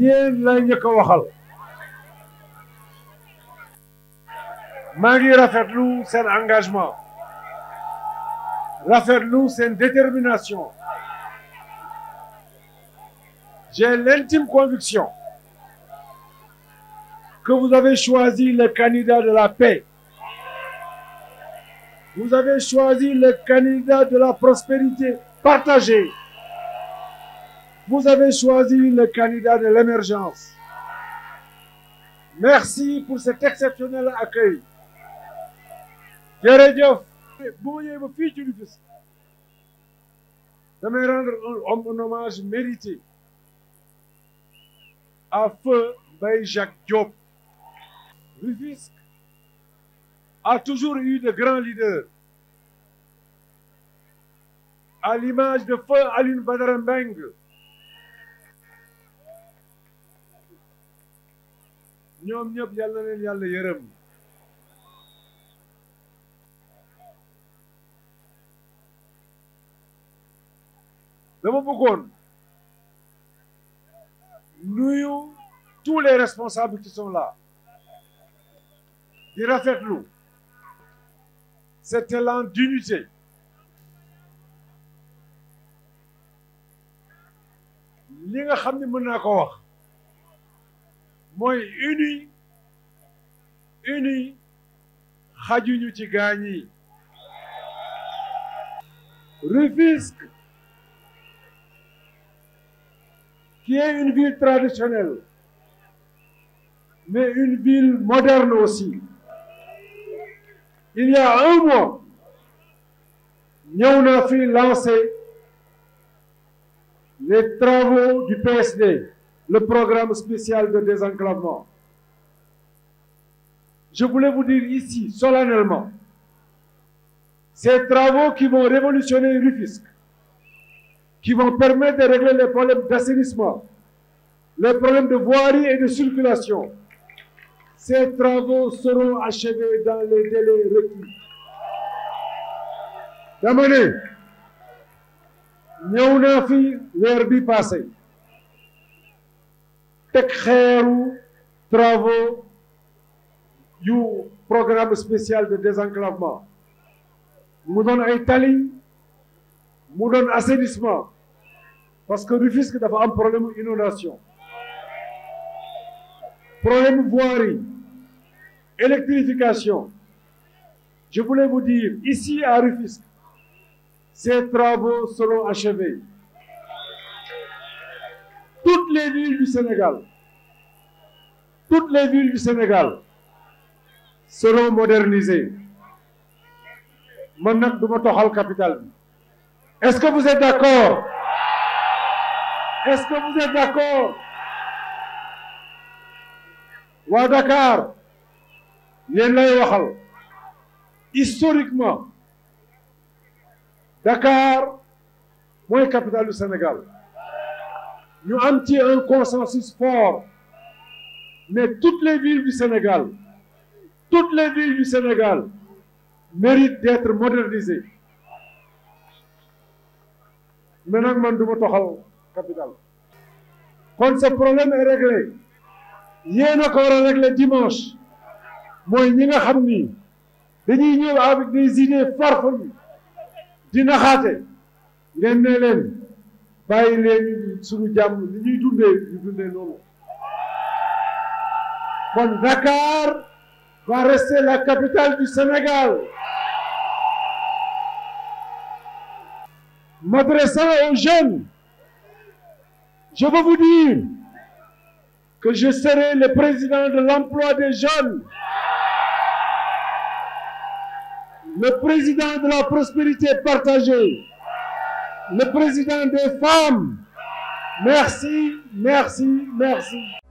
yéen la njëkk a waxal maa ngi rafetlu seen engagement c'est une détermination j'ai l'intime conviction que vous avez choisi le candidat de la paix vous avez choisi le candidat de la prospérité partagée vous avez choisi le candidat de l'émergence. Merci pour cet exceptionnel accueil. Je vous ma vos rendre un hommage mérité à feu Baye Jacques Diop. Rufisque a toujours eu de grands leaders à l'image de feu Aline Badarambengue. ñoom ñëpp yàlla na leen yàlla yërëm dama bëggoon nuyu tous les responsables qui sont là di rafetlu cet élan d'unité li nga xam ne mën naa ko wax moi, uni uni ci qui est une ville traditionnelle mais une ville moderne aussi il y a un mois nous avons fait lancer les travaux du PSD le programme spécial de désenclavement. Je voulais vous dire ici, solennellement, ces travaux qui vont révolutionner Rufisque, qui vont permettre de régler les problèmes d'assainissement, les problèmes de voirie et de circulation, ces travaux seront achevés dans les délais requis. Damane, nous fi travaux yu programme spécial de désenclavement mu doon ay nous assainissement parce que Rufisque a un problème inondation problème voirie électrification je voulais vous dire ici à Rufisque ces travaux seront achevés les villes du Sénégal, toutes les villes du Sénégal seront modernisées. Maintenant, nous Est-ce que vous êtes d'accord Est-ce que vous êtes d'accord Wa Dakar yéen lay historiquement Dakar moi capitale du Sénégal ñu am ci un consensus fort mais toutes les villes du Sénégal toutes les villes du Sénégal méritent d'être modernisées mais nag man du toxal capital kon ce problème est réglé yéen a ko war dimanche mooy ñi nga xam ni dañuy ñëw avec des idées farfelues di naxaate ngeen ne bàyyi Dakar va rester la capitale du Sénégal m'adressant aux jeunes je veux vous dire que je serai le président de l'emploi des jeunes le président de la prospérité partagée le président des femmes. Merci, merci, merci.